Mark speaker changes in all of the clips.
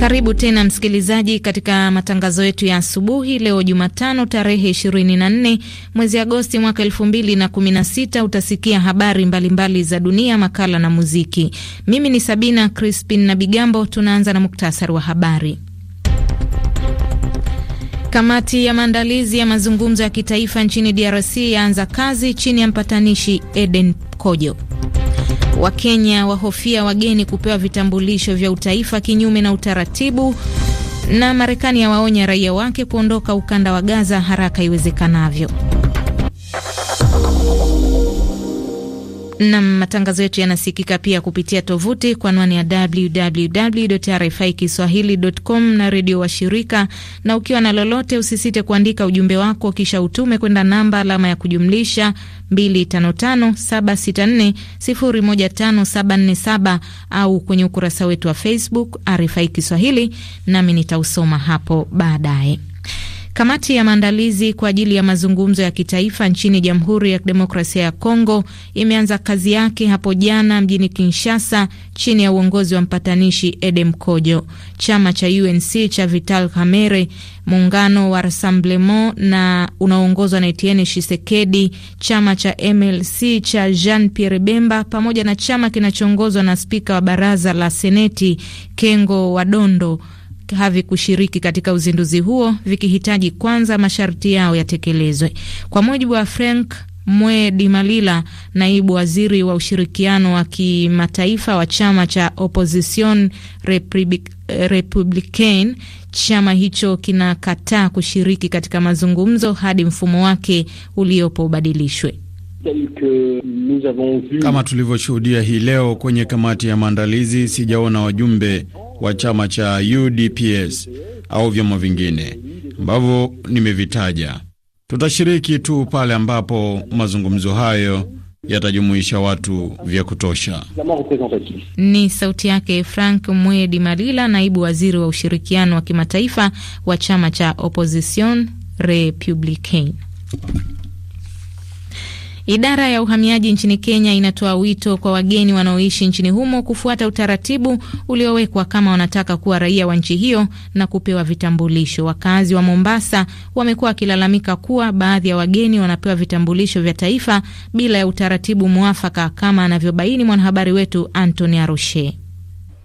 Speaker 1: Karibu tena msikilizaji, katika matangazo yetu ya asubuhi leo Jumatano tarehe 24 mwezi Agosti mwaka 2016. Utasikia habari mbalimbali mbali za dunia, makala na muziki. Mimi ni Sabina Crispin na Bigambo. Tunaanza na muktasari wa habari. Kamati ya maandalizi ya mazungumzo ya kitaifa nchini DRC yaanza kazi chini ya mpatanishi Eden Kojo. Wakenya wahofia wageni kupewa vitambulisho vya utaifa kinyume na utaratibu, na Marekani yawaonya raia wake kuondoka ukanda wa Gaza haraka iwezekanavyo. na matangazo yetu yanasikika pia kupitia tovuti kwa anwani ya www RFI kiswahilicom na redio wa shirika. Na ukiwa na lolote, usisite kuandika ujumbe wako kisha utume kwenda namba alama ya kujumlisha 255764015747 au kwenye ukurasa wetu wa Facebook RFI Kiswahili, nami nitausoma hapo baadaye. Kamati ya maandalizi kwa ajili ya mazungumzo ya kitaifa nchini Jamhuri ya Kidemokrasia ya Kongo imeanza kazi yake hapo jana mjini Kinshasa chini ya uongozi wa mpatanishi Edem Kojo. Chama cha UNC cha Vital Kamerhe, muungano wa Rassemblement na unaoongozwa na Etienne Tshisekedi, chama cha MLC cha Jean Pierre Bemba pamoja na chama kinachoongozwa na spika wa baraza la seneti Kengo Wadondo havikushiriki katika uzinduzi huo vikihitaji kwanza masharti yao yatekelezwe. Kwa mujibu wa Frank Mwe Malila, naibu waziri wa ushirikiano wa kimataifa wa chama cha Opposition Republican, chama hicho kinakataa kushiriki katika mazungumzo hadi mfumo wake uliopo ubadilishwe.
Speaker 2: Kama tulivyoshuhudia hii leo kwenye kamati ya maandalizi, sijaona wajumbe wa chama cha UDPS au vyama vingine ambavyo nimevitaja. Tutashiriki tu pale ambapo mazungumzo hayo yatajumuisha watu vya kutosha.
Speaker 1: Ni sauti yake Frank Mwedi Malila, naibu waziri wa ushirikiano wa kimataifa wa chama cha Opposition Republicaine. Idara ya uhamiaji nchini Kenya inatoa wito kwa wageni wanaoishi nchini humo kufuata utaratibu uliowekwa kama wanataka kuwa raia wa nchi hiyo na kupewa vitambulisho. Wakazi wa Mombasa wamekuwa wakilalamika kuwa baadhi ya wageni wanapewa vitambulisho vya taifa bila ya utaratibu mwafaka, kama anavyobaini mwanahabari wetu antony Aroshe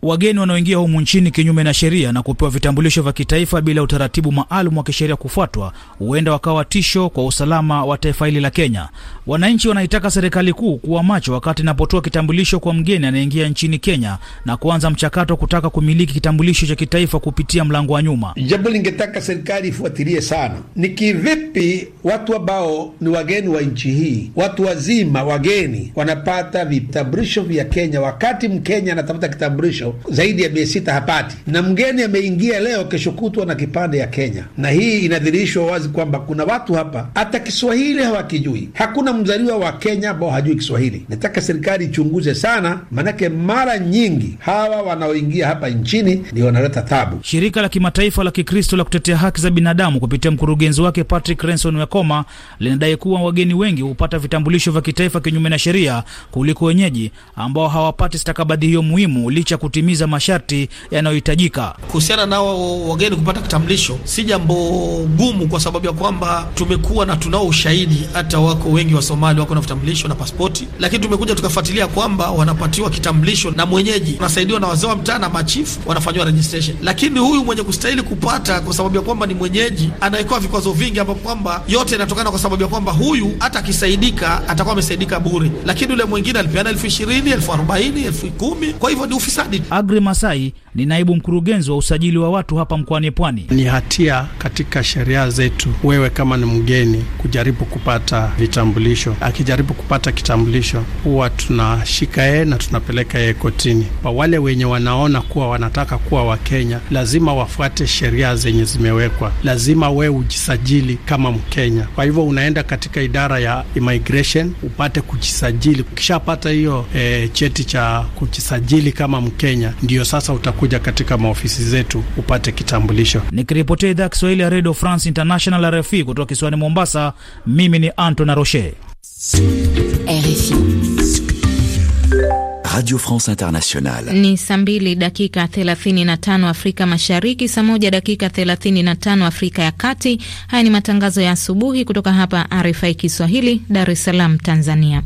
Speaker 3: wageni wanaoingia humu nchini kinyume na sheria na kupewa vitambulisho vya kitaifa bila utaratibu maalum wa kisheria kufuatwa huenda wakawa tisho kwa usalama wa taifa hili la Kenya. Wananchi wanaitaka serikali kuu kuwa macho wakati inapotoa kitambulisho kwa mgeni anayeingia nchini Kenya na kuanza mchakato wa kutaka kumiliki kitambulisho cha kitaifa kupitia mlango wa nyuma.
Speaker 2: Jambo lingetaka serikali ifuatilie sana ni kivipi watu ambao ni wageni wa nchi hii, watu wazima wageni, wanapata vitambulisho vya Kenya wakati Mkenya anatafuta kitambulisho zaidi ya bei sita hapati, na mgeni ameingia leo, kesho kutwa na kipande ya Kenya. Na hii inadhirishwa wazi kwamba kuna watu hapa hata Kiswahili hawakijui. Hakuna mzaliwa wa Kenya ambao hajui Kiswahili. Nataka serikali ichunguze sana, maanake mara nyingi hawa wanaoingia hapa nchini ndio wanaleta tabu.
Speaker 3: Shirika la kimataifa la Kikristo la kutetea haki za binadamu kupitia mkurugenzi wake Patrick Renson Wakoma linadai kuwa wageni wengi hupata vitambulisho vya kitaifa kinyume na sheria kuliko wenyeji ambao hawapati stakabadhi hiyo muhimu licha kutimia kutimiza masharti yanayohitajika. Kuhusiana na wageni kupata kitambulisho, si jambo gumu, kwa sababu ya kwamba tumekuwa na tunao ushahidi, hata wako wengi wa Somali wako na vitambulisho na pasipoti, lakini tumekuja tukafuatilia kwamba wanapatiwa kitambulisho na mwenyeji, unasaidiwa na wazee wa mtaa na machifu, wanafanyiwa registration, lakini huyu mwenye kustahili kupata, kwa sababu ya kwamba ni mwenyeji, anawekewa vikwazo vingi, ambapo kwamba yote inatokana kwa sababu ya kwamba huyu hata akisaidika atakuwa amesaidika bure, lakini yule mwingine alipeana elfu ishirini elfu arobaini elfu kumi Kwa hivyo ni ufisadi. Agri Masai ni naibu mkurugenzi wa usajili wa watu hapa mkoani Pwani. Ni hatia katika sheria zetu, wewe kama ni mgeni kujaribu kupata
Speaker 2: vitambulisho. Akijaribu kupata kitambulisho, huwa tunashika yeye na tunapeleka yeye kotini. Kwa wale wenye wanaona kuwa wanataka kuwa Wakenya, lazima wafuate sheria zenye zimewekwa. Lazima wewe ujisajili kama Mkenya. Kwa hivyo unaenda katika idara ya immigration upate kujisajili. Ukishapata hiyo e, cheti cha
Speaker 3: kujisajili kama Mkenya Kenya, ndiyo sasa utakuja katika maofisi zetu upate kitambulisho. Nikiripotia idhaa ya Kiswahili ya Radio France International, RFI, kutoka kisiwani Mombasa, mimi ni Anton
Speaker 4: Roche, RFI Radio France Internationale.
Speaker 1: Ni saa mbili dakika 35 Afrika Mashariki, saa moja dakika 35 Afrika ya Kati. Haya ni matangazo ya asubuhi kutoka hapa RFI Kiswahili, Dar es Salaam, Tanzania.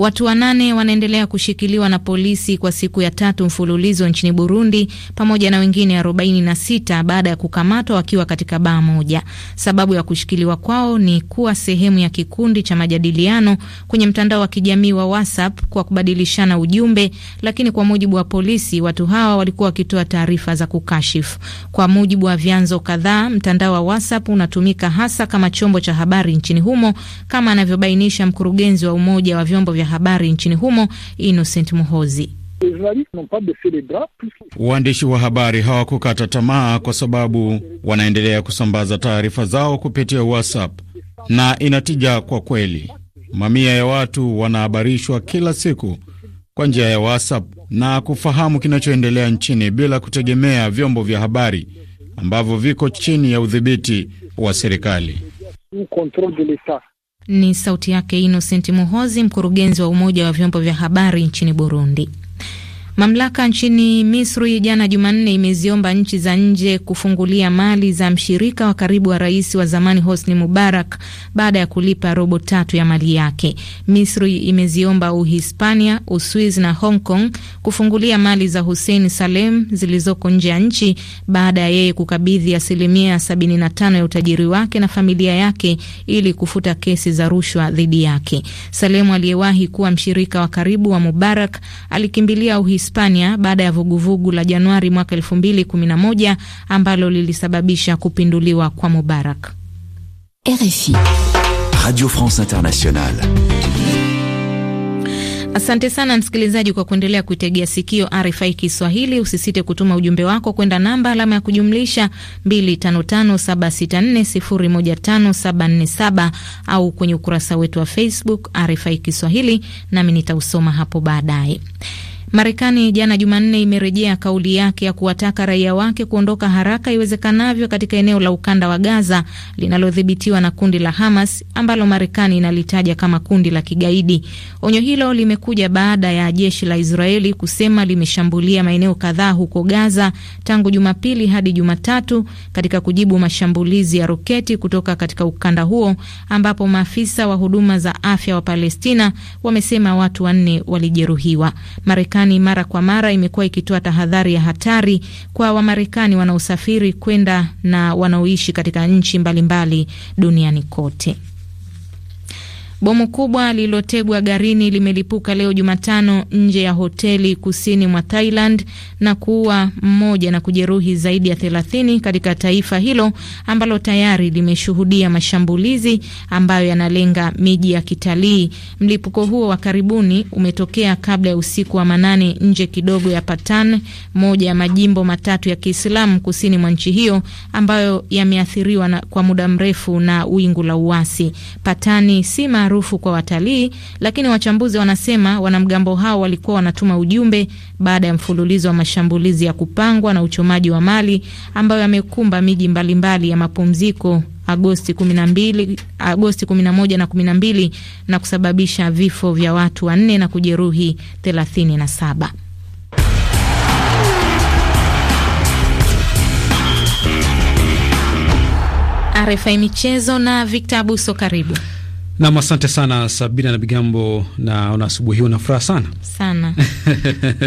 Speaker 1: Watu wanane wanaendelea kushikiliwa na polisi kwa siku ya tatu mfululizo nchini Burundi pamoja na wengine 46 baada ya kukamatwa wakiwa katika baa moja. Sababu ya kushikiliwa kwao ni kuwa sehemu ya kikundi cha majadiliano kwenye mtandao wa kijamii wa WhatsApp kwa kubadilishana ujumbe, lakini kwa mujibu wa polisi, watu hawa walikuwa wakitoa taarifa za kukashifu. Kwa mujibu wa vyanzo kadhaa, mtandao wa WhatsApp unatumika hasa kama chombo cha habari nchini humo, kama anavyobainisha mkurugenzi wa Umoja wa Vyombo vya habari nchini humo Innocent Muhozi.
Speaker 2: Waandishi wa habari hawakukata tamaa kwa sababu wanaendelea kusambaza taarifa zao kupitia WhatsApp na inatija kwa kweli. Mamia ya watu wanahabarishwa kila siku kwa njia ya WhatsApp na kufahamu kinachoendelea nchini bila kutegemea vyombo vya habari ambavyo viko chini ya udhibiti wa serikali.
Speaker 1: Ni sauti yake Innocent Muhozi, mkurugenzi wa umoja wa vyombo vya habari nchini Burundi. Mamlaka nchini Misri jana Jumanne imeziomba nchi za nje kufungulia mali za mshirika wa karibu wa rais wa zamani Hosni Mubarak baada ya kulipa robo tatu ya mali yake. Misri imeziomba Uhispania, Uswiz na Hong Kong kufungulia mali za Hussein Salem zilizoko nje ya nchi baada ya yeye kukabidhi asilimia 75 ya utajiri wake na familia yake ili kufuta kesi za rushwa dhidi yake. Salem aliyewahi kuwa mshirika wa karibu wa Mubarak alikimbilia Uhispania Hispania baada ya vuguvugu la Januari mwaka 2011 ambalo lilisababisha kupinduliwa kwa Mubarak. RFI
Speaker 4: Radio France Internationale.
Speaker 1: Asante sana msikilizaji kwa kuendelea kuitegea sikio RFI Kiswahili. Usisite kutuma ujumbe wako kwenda namba alama ya kujumlisha 255764015747 au kwenye ukurasa wetu wa Facebook RFI Kiswahili, nami nitausoma hapo baadaye. Marekani jana Jumanne imerejea kauli yake ya kuwataka raia wake kuondoka haraka iwezekanavyo katika eneo la ukanda wa Gaza linalodhibitiwa na kundi la Hamas ambalo Marekani inalitaja kama kundi la kigaidi. Onyo hilo limekuja baada ya jeshi la Israeli kusema limeshambulia maeneo kadhaa huko Gaza tangu Jumapili hadi Jumatatu katika kujibu mashambulizi ya roketi kutoka katika ukanda huo ambapo maafisa wa huduma za afya wa Palestina wamesema watu wanne walijeruhiwa. Marekani Marekani mara kwa mara imekuwa ikitoa tahadhari ya hatari kwa Wamarekani wanaosafiri kwenda na wanaoishi katika nchi mbalimbali duniani kote. Bomu kubwa lililotegwa garini limelipuka leo Jumatano nje ya hoteli kusini mwa Thailand na kuua mmoja na kujeruhi zaidi ya thelathini katika taifa hilo ambalo tayari limeshuhudia mashambulizi ambayo yanalenga miji ya kitalii. Mlipuko huo wa karibuni umetokea kabla ya usiku wa manane nje kidogo ya Patan, moja ya majimbo matatu ya Kiislamu kusini mwa nchi hiyo ambayo yameathiriwa kwa muda mrefu na wingu la uasi. Patani sima maarufu kwa watalii, lakini wachambuzi wanasema wanamgambo hao walikuwa wanatuma ujumbe baada ya mfululizo wa mashambulizi ya kupangwa na uchomaji wa mali ambayo yamekumba miji mbalimbali ya mapumziko Agosti 12, Agosti 11 na 12 na kusababisha vifo vya watu wanne na kujeruhi 37. RFI Michezo na Victor Abuso, karibu.
Speaker 2: Nam, asante sana Sabina na Bigambo. Naona asubuhi hii una furaha sana sana.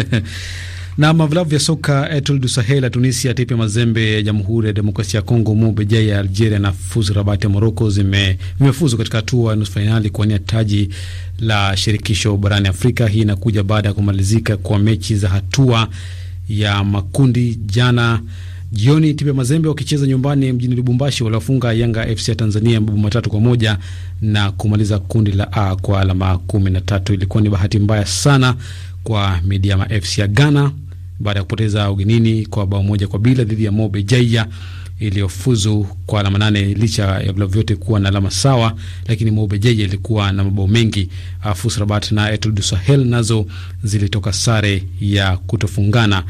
Speaker 2: Na vilabu vya soka Etoile du Sahel ya Tunisia, TP Mazembe ya Jamhuri ya Demokrasia ya Kongo, Mobeja ya Algeria na FUS Rabat ya Moroko vimefuzu katika hatua ya nusu fainali kuwania taji la shirikisho barani Afrika. Hii inakuja baada ya kumalizika kwa mechi za hatua ya makundi jana Jioni TP Mazembe wakicheza nyumbani mjini Lubumbashi waliofunga Yanga FC ya Tanzania mabao matatu kwa moja na kumaliza kundi la A kwa alama kumi na tatu. Ilikuwa ni bahati mbaya sana kwa Midiama FC ya Ghana baada ya kupoteza ugenini kwa bao moja kwa bila dhidi ya Mobe Jaija iliyofuzu kwa alama nane licha ya vilabu vyote kuwa na alama sawa, lakini Mobe ilikuwa na mabao mengi. Fusrabat na Etoile Sahel nazo zilitoka sare ya kutofungana.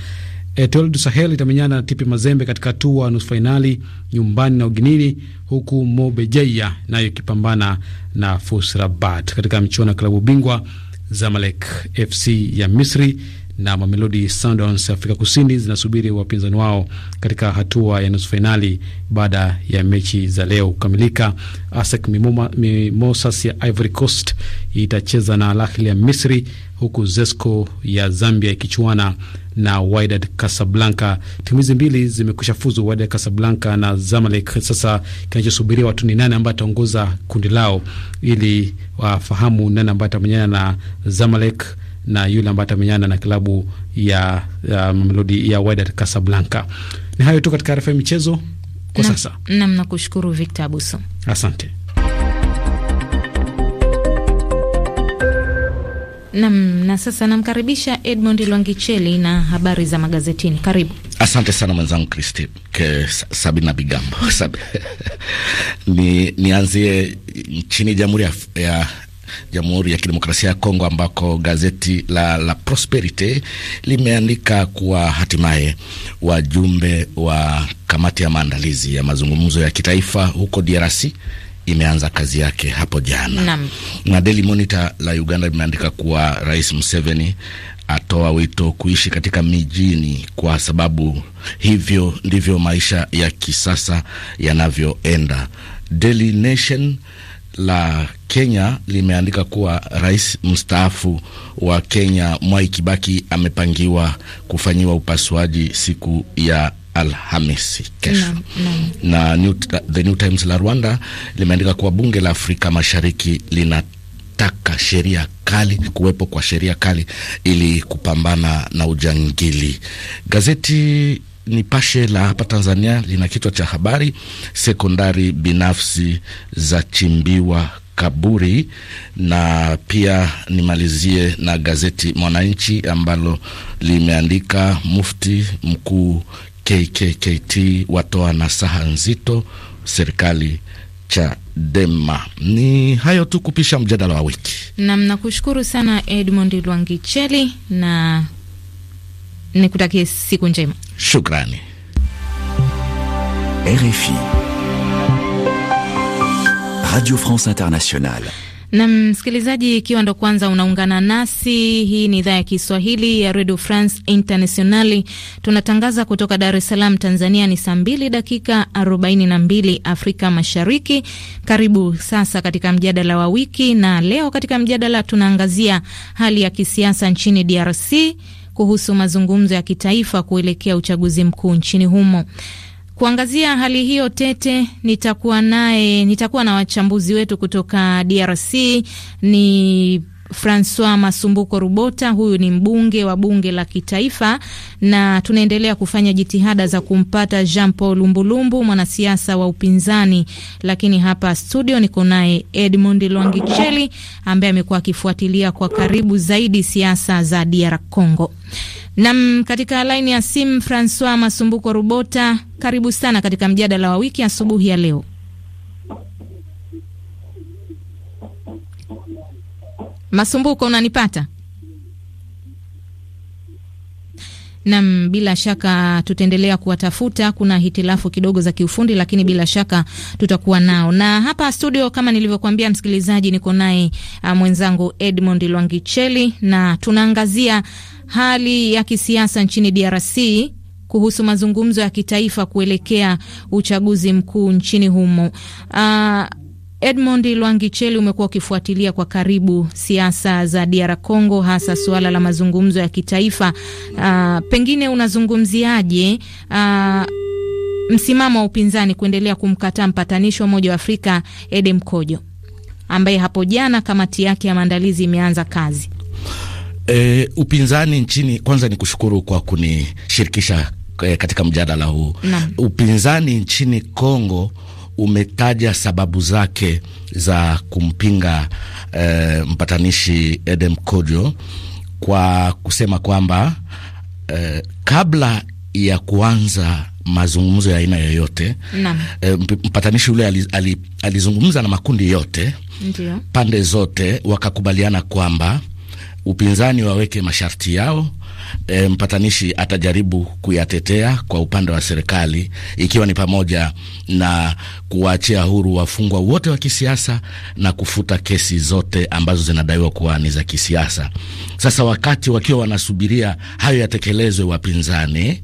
Speaker 2: Etoile du Sahel itamenyana na Tipi Mazembe katika hatua nusu fainali nyumbani na Uginini, huku Mobejeya nayo ikipambana na Fusrabat. Katika mchuano wa klabu bingwa Zamalek FC ya Misri na Mamelodi Sundowns Afrika Kusini zinasubiri wapinzani wao katika hatua ya nusu fainali baada ya mechi za leo kukamilika. ASEC Mimosas ya Ivory Coast itacheza na Al Ahly ya Misri, huku ZESCO ya Zambia ikichuana na Wydad Casablanca. Timu hizi mbili zimekwisha fuzu, Wydad Casablanca na Zamalek. Sasa kinachosubiriwa tu ni nani ambaye ataongoza kundi lao, ili wafahamu nani ambaye atamenyana na Zamalek na yule ambaye atamenyana na klabu ya Mamelodi ya, ya Wydad Casablanca. Ni hayo tu katika RFI michezo kwa na, sasa.
Speaker 1: Nam, nakushukuru Victor Abuso, asante. Nam, na sasa namkaribisha Edmond Lwangicheli na habari za magazetini. Karibu.
Speaker 5: Asante sana mwenzangu Kristi Sabina Bigambo. Sabi. Nianzie ni nchini Jamhuri ya, ya, Jamhuri ya Kidemokrasia ya Kongo, ambako gazeti la La Prosperite limeandika kuwa hatimaye wajumbe wa kamati ya maandalizi ya mazungumzo ya kitaifa huko DRC imeanza kazi yake hapo jana na, na Daily Monitor la Uganda limeandika kuwa Rais Museveni atoa wito kuishi katika mijini kwa sababu hivyo ndivyo maisha ya kisasa yanavyoenda. Daily Nation la Kenya limeandika kuwa rais mstaafu wa Kenya Mwai Kibaki amepangiwa kufanyiwa upasuaji siku ya Alhamisi kesho na, na. na New, The New Times la Rwanda limeandika kuwa bunge la Afrika Mashariki linataka sheria kali kuwepo kwa sheria kali ili kupambana na ujangili. Gazeti Nipashe la hapa Tanzania lina kichwa cha habari, sekondari binafsi za chimbiwa kaburi, na pia nimalizie na gazeti Mwananchi ambalo limeandika mufti mkuu KKKT watoa nasaha nzito serikali cha dema Ni hayo tu kupisha mjadala wa wiki
Speaker 1: nam. Nakushukuru sana Edmond Lwangicheli na nikutakie siku njema.
Speaker 4: Shukrani. RFI Radio France Internationale.
Speaker 1: Na msikilizaji, ikiwa ndo kwanza unaungana nasi, hii ni idhaa ya Kiswahili ya Radio France Internationali. Tunatangaza kutoka Dar es Salaam, Tanzania. Ni saa mbili dakika 42 Afrika Mashariki. Karibu sasa katika mjadala wa wiki, na leo katika mjadala tunaangazia hali ya kisiasa nchini DRC kuhusu mazungumzo ya kitaifa kuelekea uchaguzi mkuu nchini humo. Kuangazia hali hiyo tete, nitakuwa naye nitakuwa na wachambuzi wetu kutoka DRC ni Francois Masumbuko Rubota, huyu ni mbunge wa bunge la kitaifa, na tunaendelea kufanya jitihada za kumpata Jean Paul Lumbulumbu, mwanasiasa wa upinzani. Lakini hapa studio niko naye Edmund Lwangicheli ambaye amekuwa akifuatilia kwa karibu zaidi siasa za DR Congo. Nam, katika laini ya simu Francois Masumbuko Rubota, karibu sana katika mjadala wa wiki asubuhi ya leo. Masumbuko, unanipata? Nam, bila shaka tutaendelea kuwatafuta. Kuna hitilafu kidogo za kiufundi, lakini bila shaka tutakuwa nao. Na hapa studio, kama nilivyokuambia msikilizaji, niko naye uh, mwenzangu Edmond Lwangicheli na tunaangazia hali ya kisiasa nchini DRC kuhusu mazungumzo ya kitaifa kuelekea uchaguzi mkuu nchini humo. Uh, Edmond Lwangicheli, umekuwa ukifuatilia kwa karibu siasa za DR Congo, hasa suala la mazungumzo ya kitaifa. Uh, pengine unazungumziaje uh, msimamo wa upinzani kuendelea kumkataa mpatanishi wa Umoja wa Afrika Ede Mkojo, ambaye hapo jana kamati yake ya maandalizi imeanza kazi.
Speaker 5: E, upinzani nchini, kwanza ni kushukuru kwa kunishirikisha eh, katika mjadala huu. Upinzani nchini Kongo umetaja sababu zake za kumpinga e, mpatanishi Edem Kojo kwa kusema kwamba e, kabla ya kuanza mazungumzo ya aina yoyote e, mpatanishi yule alizungumza na makundi yote Ndiyo. pande zote wakakubaliana kwamba upinzani waweke masharti yao e, mpatanishi atajaribu kuyatetea kwa upande wa serikali, ikiwa ni pamoja na kuwaachia huru wafungwa wote wa kisiasa na kufuta kesi zote ambazo zinadaiwa kuwa ni za kisiasa. Sasa wakati wakiwa wanasubiria hayo yatekelezwe, wapinzani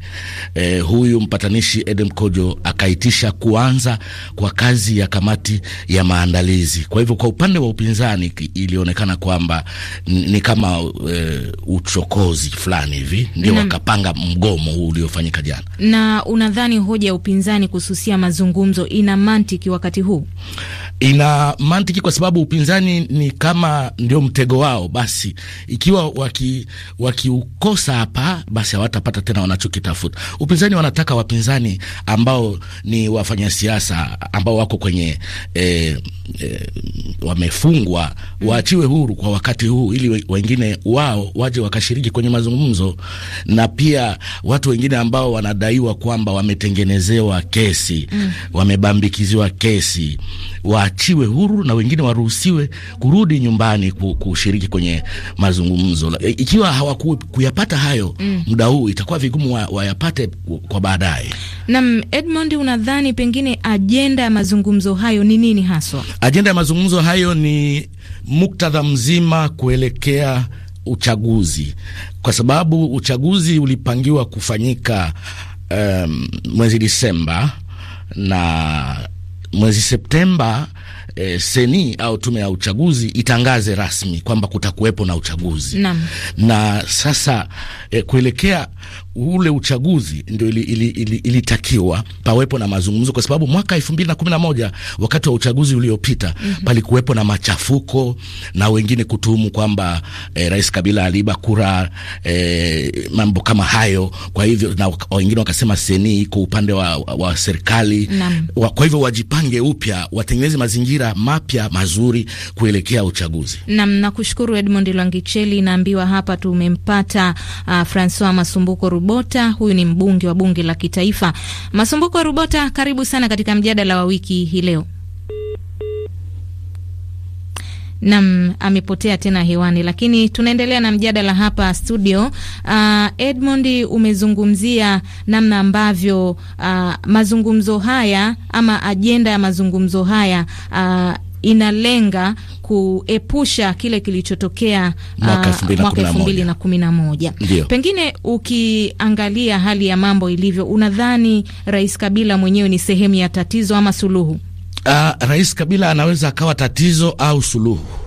Speaker 5: e, huyu mpatanishi Edem Kojo akaitisha kuanza kwa kazi ya kamati ya maandalizi. Kwa hivyo kwa upande wa upinzani ilionekana kwamba ni kama e, uchokozi fulani fulani hivi ndio wakapanga mgomo huu uliofanyika jana.
Speaker 1: Na unadhani hoja ya upinzani kususia mazungumzo ina mantiki wakati huu?
Speaker 5: Ina mantiki kwa sababu upinzani ni kama ndio mtego wao. Basi ikiwa wakiukosa hapa, basi hawatapata tena wanachokitafuta. Upinzani wanataka wapinzani ambao ni wafanya siasa ambao wako kwenye eh, eh, wamefungwa mm. waachiwe huru kwa wakati huu, ili wengine wao waje wakashiriki kwenye mazungumzo mchezo, na pia watu wengine ambao wanadaiwa kwamba wametengenezewa kesi mm, wamebambikiziwa kesi waachiwe huru na wengine waruhusiwe kurudi nyumbani kushiriki kwenye mazungumzo. Ikiwa hawakuyapata hayo mm, huu itakuwa vigumu wayapate wa kwa baadaye.
Speaker 1: Nam Edmond, unadhani pengine ajenda ya mazungumzo hayo ni nini haswa?
Speaker 5: Ajenda ya mazungumzo hayo ni muktadha mzima kuelekea uchaguzi, kwa sababu uchaguzi ulipangiwa kufanyika um, mwezi Disemba na mwezi Septemba e, seni au tume ya uchaguzi itangaze rasmi kwamba kutakuwepo na uchaguzi na, na sasa e, kuelekea ule uchaguzi ndio ilitakiwa ili, ili, ili pawepo na mazungumzo, kwa sababu mwaka elfu mbili na kumi na moja wakati wa uchaguzi uliopita mm -hmm. palikuwepo na machafuko na wengine kutuhumu kwamba eh, Rais Kabila aliiba kura eh, mambo kama hayo. Kwa hivyo na wengine wakasema seni iko upande wa, wa, wa serikali wa, kwa hivyo wajipange upya, watengeneze mazingira mapya mazuri kuelekea uchaguzi.
Speaker 1: Nam nakushukuru Edmund Lwangicheli, naambiwa hapa tumempata uh, Francois Masumbuko Rubota, huyu ni mbunge wa bunge la kitaifa. Masumbuko ya Rubota, karibu sana katika mjadala wa wiki hii leo. Nam amepotea tena hewani, lakini tunaendelea na mjadala hapa studio. Uh, Edmond, umezungumzia namna ambavyo uh, mazungumzo haya ama ajenda ya mazungumzo haya uh, inalenga kuepusha kile kilichotokea mwaka ah, na moja. pengine ukiangalia hali ya mambo ilivyo, unadhani Rais Kabila mwenyewe ni sehemu ya tatizo ama suluhu?
Speaker 5: Uh, Rais Kabila anaweza akawa tatizo au suluhu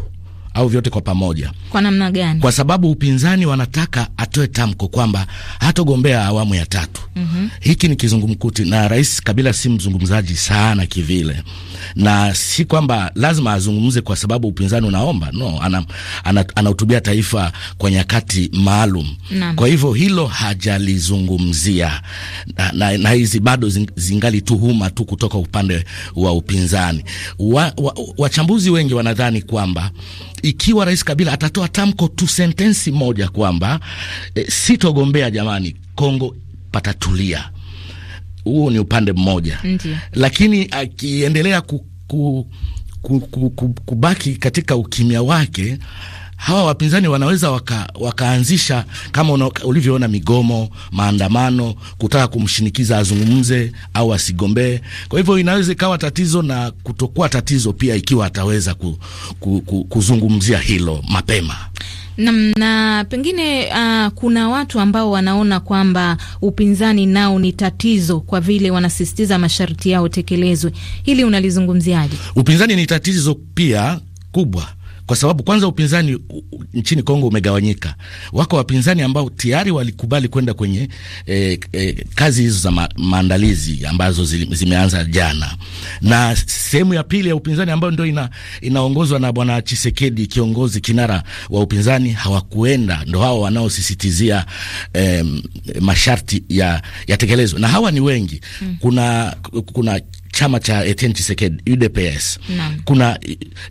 Speaker 5: au vyote kwa pamoja.
Speaker 1: Kwa namna gani? Kwa
Speaker 5: sababu upinzani wanataka atoe tamko kwamba hatogombea awamu ya tatu. mm -hmm. Hiki ni kizungumkuti, na Rais Kabila si mzungumzaji sana kivile, na si kwamba lazima azungumze kwa sababu upinzani unaomba no, anahutubia ana, ana taifa kwa nyakati maalum. Kwa hivyo hilo hajalizungumzia, na hizi bado zing, zingali tuhuma tu kutoka upande wa upinzani. Wachambuzi wa, wa wengi wanadhani kwamba ikiwa Rais Kabila atatoa tamko tu sentensi moja kwamba e, sitogombea, jamani, Kongo patatulia. Huo ni upande mmoja. Ndiyo. Lakini akiendelea ku, ku, ku, ku, ku, kubaki katika ukimya wake hawa wapinzani wanaweza waka, wakaanzisha kama ulivyoona migomo, maandamano, kutaka kumshinikiza azungumze au asigombee. Kwa hivyo inaweza ikawa tatizo na kutokuwa tatizo pia, ikiwa ataweza ku, ku, ku, kuzungumzia hilo mapema
Speaker 1: na, na pengine uh, kuna watu ambao wanaona kwamba upinzani nao ni tatizo kwa vile wanasisitiza masharti yao tekelezwe. Hili unalizungumziaje?
Speaker 5: Upinzani ni tatizo pia kubwa kwa sababu kwanza upinzani nchini Kongo umegawanyika. Wako wapinzani ambao tayari walikubali kwenda kwenye e, e, kazi hizo za ma, maandalizi ambazo zili, zimeanza jana, na sehemu ya pili ya upinzani ambayo ndio ina, inaongozwa na bwana Chisekedi, kiongozi kinara wa upinzani, hawakuenda. Ndo hao wanaosisitizia e, masharti ya yatekelezwe, na hawa ni wengi. Mm. Kuna kuna chama cha Etienne Tshisekedi UDPS na, kuna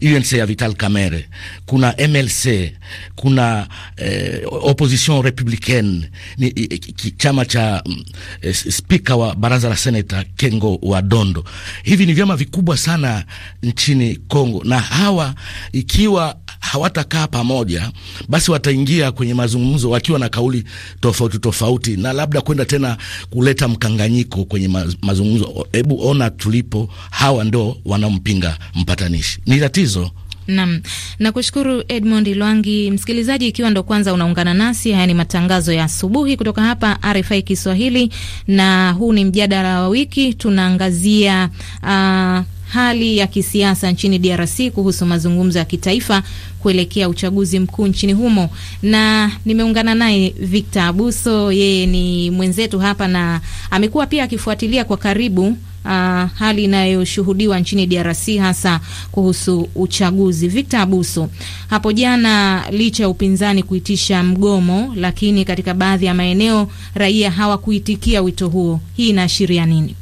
Speaker 5: UNC ya Vital Kamerhe, kuna MLC, kuna eh, opposition republicaine ni, ki, chama cha mm, eh, spika wa baraza la seneta Kengo wa Dondo. Hivi ni vyama vikubwa sana nchini Kongo, na hawa ikiwa hawatakaa pamoja, basi wataingia kwenye mazungumzo wakiwa na kauli tofauti tofauti, na labda kwenda tena kuleta mkanganyiko kwenye mazungumzo. Hebu ona tulipo, hawa ndo wanaompinga mpatanishi, ni tatizo.
Speaker 1: Nam, nakushukuru Edmond Lwangi. Msikilizaji, ikiwa ndo kwanza unaungana nasi, haya ni matangazo ya asubuhi kutoka hapa RFI Kiswahili, na huu ni mjadala wa wiki. Tunaangazia uh, hali ya kisiasa nchini DRC kuhusu mazungumzo ya kitaifa kuelekea uchaguzi mkuu nchini humo, na nimeungana naye Victor Abuso, yeye ni mwenzetu hapa na amekuwa pia akifuatilia kwa karibu Uh, hali inayoshuhudiwa nchini DRC hasa kuhusu uchaguzi. Victor Abuso, hapo jana, licha ya upinzani kuitisha mgomo, lakini katika baadhi ya maeneo raia hawakuitikia wito huo. Hii inaashiria nini?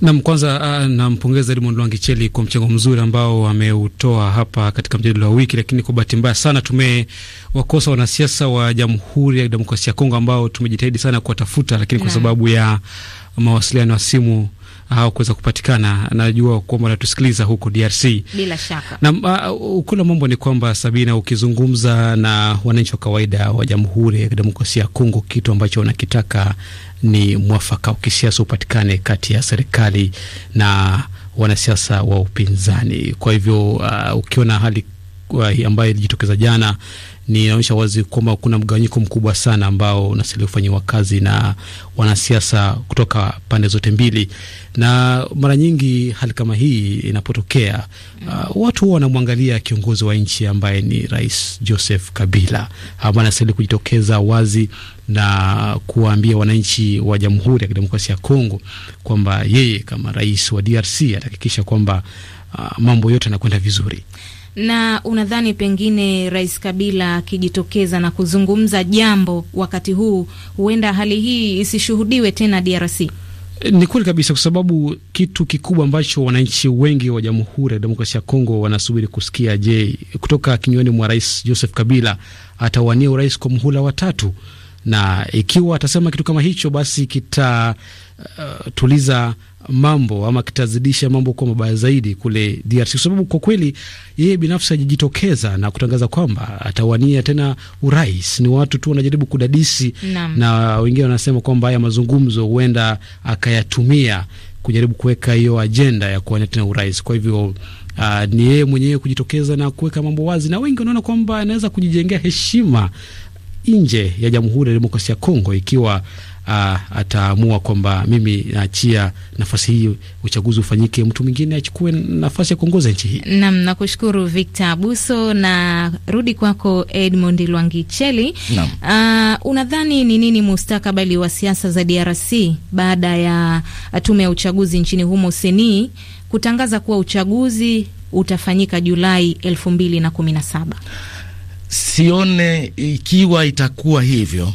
Speaker 2: Nam, kwanza uh, nampongeza Raymond Lwangicheli kwa mchango mzuri ambao ameutoa hapa katika mjadala wa wiki, lakini kwa bahati mbaya sana tumewakosa wanasiasa wa Jamhuri ya Demokrasia ya Kongo ambao tumejitahidi sana kuwatafuta, lakini kwa sababu ya mawasiliano ya simu kuweza kupatikana. Najua kwamba natusikiliza huko DRC.
Speaker 1: Bila shaka
Speaker 2: na uh, ukula mambo ni kwamba Sabina, ukizungumza na wananchi wa kawaida wa Jamhuri ya Kidemokrasia ya Kongo, kitu ambacho wanakitaka ni mwafaka wa kisiasa upatikane kati ya serikali na wanasiasa wa upinzani. Kwa hivyo uh, ukiona hali ambayo ilijitokeza jana inaonyesha wazi kwamba kuna mgawanyiko mkubwa sana ambao unastahili kufanyiwa kazi na wanasiasa kutoka pande zote mbili, na mara nyingi hali kama hii inapotokea, uh, watu huwa wanamwangalia kiongozi wa nchi ambaye ni Rais Joseph Kabila ambaye anastahili kujitokeza wazi na kuwaambia wananchi wa Jamhuri ya Kidemokrasia ya Kongo kwamba yeye kama rais wa DRC atahakikisha kwamba uh, mambo yote yanakwenda vizuri.
Speaker 1: Na unadhani pengine Rais Kabila akijitokeza na kuzungumza jambo wakati huu, huenda hali hii isishuhudiwe tena DRC?
Speaker 2: Ni kweli kabisa, kwa sababu kitu kikubwa ambacho wananchi wengi wa Jamhuri ya Demokrasia ya Kongo wanasubiri kusikia, je, kutoka kinywani mwa Rais Joseph Kabila atawania urais kwa muhula wa tatu? Na ikiwa atasema kitu kama hicho, basi kitatuliza uh, mambo ama kitazidisha mambo kuwa mabaya zaidi kule DRC, kwa sababu kwa kweli yeye binafsi hajijitokeza na kutangaza kwamba atawania tena urais. Ni watu tu wanajaribu kudadisi na, na wengine wanasema kwamba haya mazungumzo huenda akayatumia kujaribu kuweka hiyo ajenda ya kuwania tena urais. Kwa hivyo Uh, ni yeye mwenyewe kujitokeza na kuweka mambo wazi, na wengi wanaona kwamba anaweza kujijengea heshima nje ya Jamhuri ya Demokrasia ya Kongo ikiwa uh, ataamua kwamba mimi naachia nafasi hii, uchaguzi ufanyike, mtu mwingine achukue nafasi ya kuongoza nchi hii.
Speaker 1: Nam, nakushukuru Victor Abuso na rudi kwako Edmond Lwangicheli. Uh, ah, unadhani ni nini mustakabali wa siasa za DRC baada ya tume ya uchaguzi nchini humo seni kutangaza kuwa uchaguzi utafanyika Julai elfu mbili na kumi na saba.
Speaker 5: Sione ikiwa itakuwa hivyo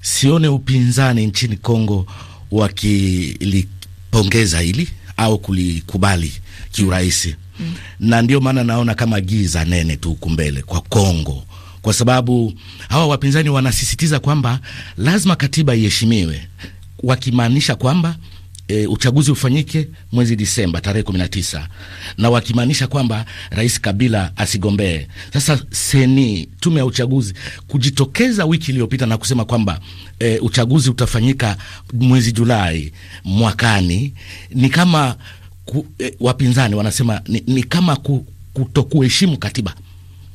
Speaker 5: sione upinzani nchini Kongo wakilipongeza hili au kulikubali kiurahisi mm. na ndio maana naona kama giza nene tu huku mbele kwa Kongo, kwa sababu hawa wapinzani wanasisitiza kwamba lazima katiba iheshimiwe, wakimaanisha kwamba e, uchaguzi ufanyike mwezi Disemba tarehe 19 na wakimaanisha kwamba Rais Kabila asigombee. Sasa seni tume ya uchaguzi kujitokeza wiki iliyopita na kusema kwamba e, uchaguzi utafanyika mwezi Julai mwakani ni kama ku, e, wapinzani wanasema ni, ni kama ku, kutokuheshimu katiba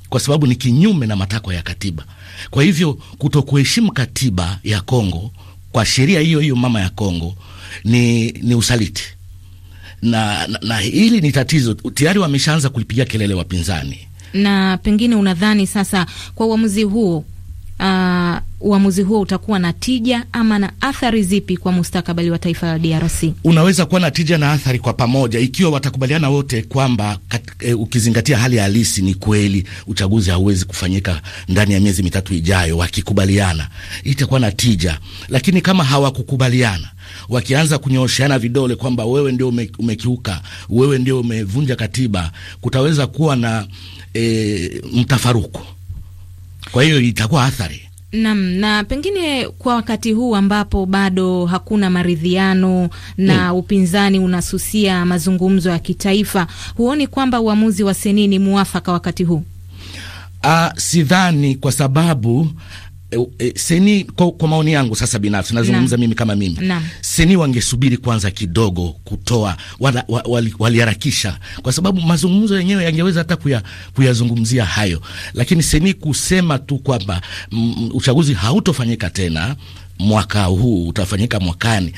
Speaker 5: kwa sababu ni kinyume na matakwa ya katiba. Kwa hivyo kutokuheshimu katiba ya Kongo kwa sheria hiyo hiyo mama ya Kongo ni, ni usaliti na, na, na hili ni tatizo tayari wameshaanza kulipigia kelele wapinzani
Speaker 1: na pengine unadhani sasa kwa uamuzi huo uh, uamuzi huo utakuwa na tija ama na athari zipi kwa mustakabali wa taifa la DRC?
Speaker 5: Unaweza kuwa na tija na athari kwa pamoja ikiwa watakubaliana wote kwamba e, ukizingatia hali halisi ni kweli uchaguzi hauwezi kufanyika ndani ya miezi mitatu ijayo. Wakikubaliana itakuwa na tija, lakini kama hawakukubaliana wakianza kunyoosheana vidole kwamba wewe ndio ume, umekiuka, wewe ndio umevunja katiba, kutaweza kuwa na e, mtafaruku kwa hiyo itakuwa athari
Speaker 1: Nam, na pengine kwa wakati huu ambapo bado hakuna maridhiano na mm, upinzani unasusia mazungumzo ya kitaifa, huoni kwamba uamuzi wa seni ni muafaka wakati huu?
Speaker 4: Uh,
Speaker 5: sidhani kwa sababu E, e, seni kwa, kwa maoni yangu sasa binafsi nazungumza na, mimi kama mimi na, seni wangesubiri kwanza kidogo kutoa waliharakisha wali, waliharakisha kwa sababu mazungumzo yenyewe yangeweza hata kuya, kuyazungumzia hayo, lakini seni kusema tu kwamba mm, uchaguzi hautofanyika tena mwaka huu utafanyika mwakani,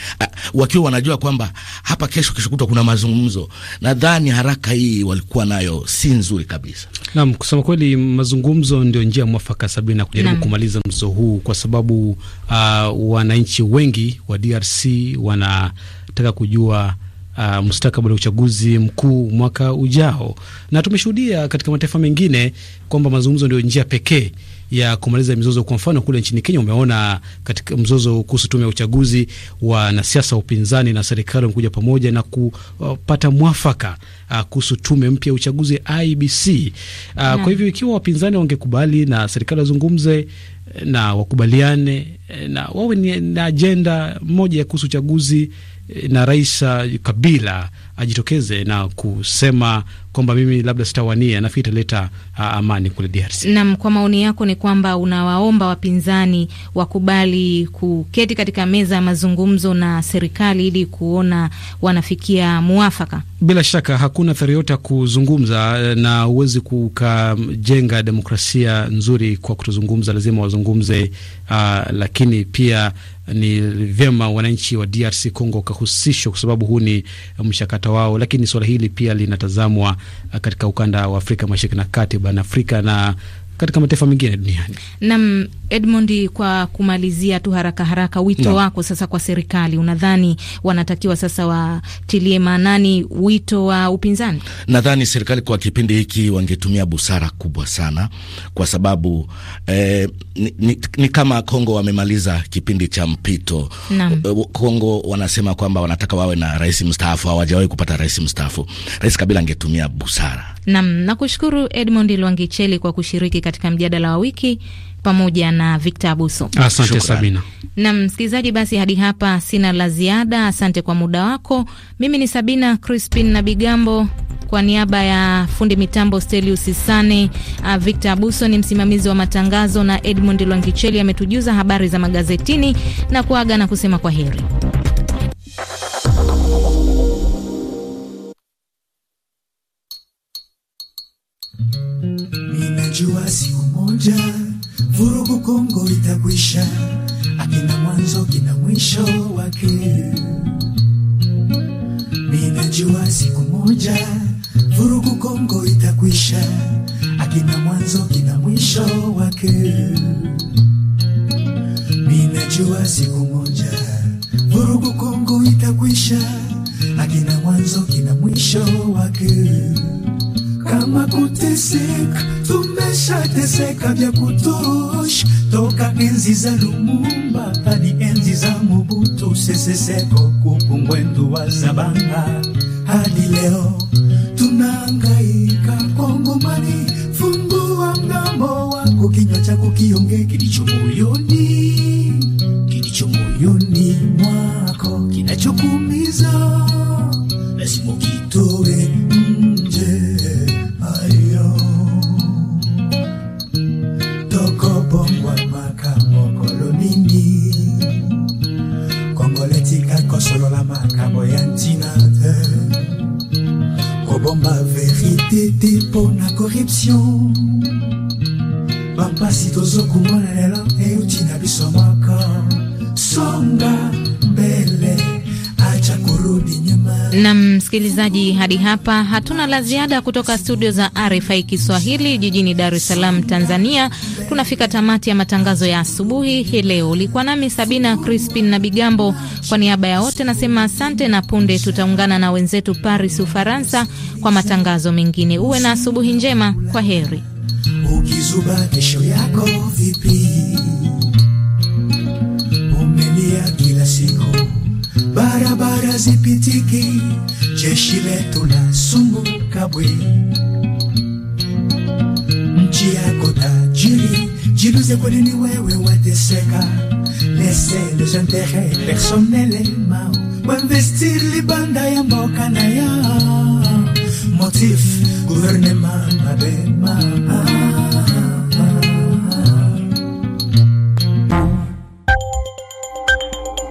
Speaker 5: wakiwa wanajua kwamba hapa kesho kishukuta kuna mazungumzo. Nadhani haraka hii walikuwa nayo si nzuri kabisa.
Speaker 2: Naam, kusema kweli, mazungumzo ndio njia mwafaka Sabina kujaribu Naam. kumaliza mzozo huu kwa sababu uh, wananchi wengi wa DRC wanataka kujua Uh, mustakabali wa uchaguzi mkuu mwaka ujao, na tumeshuhudia katika mataifa mengine kwamba mazungumzo ndio njia pekee ya kumaliza mizozo. Kwa mfano kule nchini Kenya umeona katika mzozo kuhusu tume ya uchaguzi, wanasiasa wa upinzani na serikali wamekuja pamoja na kupata mwafaka ah, kuhusu tume mpya ya uchaguzi IBC. Ah, kwa hivyo ikiwa wapinzani wangekubali na serikali wazungumze na wakubaliane na wawe na ajenda moja ya kuhusu uchaguzi na Rais uh, Kabila ajitokeze na kusema kwamba mimi labda sitawania, nafikiri italeta uh, amani kule DRC.
Speaker 1: Naam, kwa maoni yako ni kwamba unawaomba wapinzani wakubali kuketi katika meza ya mazungumzo na serikali ili kuona wanafikia muafaka.
Speaker 3: Bila
Speaker 2: shaka hakuna athari yote ya kuzungumza, eh, na huwezi kukajenga demokrasia nzuri kwa kutozungumza, lazima wazungumze. Uh, lakini pia ni vyema wananchi wa DRC Congo wakahusishwa kwa sababu huu ni mchakato wao, lakini suala hili pia linatazamwa katika ukanda wa Afrika Mashariki na Kati, barani Afrika na katika mataifa mengine duniani.
Speaker 1: nam Edmund, kwa kumalizia tu haraka haraka, wito no. wako sasa kwa serikali, unadhani wanatakiwa sasa watilie maanani wito wa upinzani?
Speaker 5: Nadhani serikali kwa kipindi hiki wangetumia busara kubwa sana, kwa sababu eh, ni, ni, ni kama Kongo wamemaliza kipindi cha mpito. Eh, Kongo wanasema kwamba wanataka wawe na rais mstaafu, hawajawahi kupata rais mstaafu. Rais Kabila angetumia busara
Speaker 1: Nam, nakushukuru Edmond Lwangicheli kwa kushiriki katika mjadala wa wiki pamoja na Victor Abuso. Asante Sabina. Nam msikilizaji, basi hadi hapa sina la ziada. Asante kwa muda wako. Mimi ni Sabina Crispin na Bigambo kwa niaba ya fundi mitambo Stelius Sane, uh, Victor Abuso ni msimamizi wa matangazo na Edmund Lwangicheli ametujuza habari za magazetini na kuaga na kusema kwa heri.
Speaker 4: moja, vurugu Kongo itakwisha, akina mwanzo kina mwisho wake. Ninajua siku moja, vurugu Kongo itakwisha, akina mwanzo kina mwisho wake. Ninajua siku moja, vurugu Kongo itakwisha, akina mwanzo kina mwisho wake. kama kuteseka, tumeshateseka vya kutosha toka enzi za Lumumba hadi enzi za Sese Seko Kuku Ngbendu wa Zabanga hadi leo
Speaker 1: Msikilizaji, hadi hapa hatuna la ziada kutoka studio za RFI Kiswahili jijini Dar es Salaam, Tanzania. Tunafika tamati ya matangazo ya asubuhi hii leo. Ulikuwa nami Sabina Crispin na Bigambo. Kwa niaba ya wote nasema asante, na punde tutaungana na wenzetu Paris, Ufaransa, kwa matangazo mengine. Uwe na asubuhi njema, kwa heri.
Speaker 4: Ukizuba kesho yako vipi? Umelia kila siku barabara zipitiki, jeshi letu la sumbu bwe. Nchi yako tajiri, jiluze, kwa nini wewe wateseka? Lese lesentere personnele mao wemvestir libanda ya mboka na ya motif guvernema mabema ah.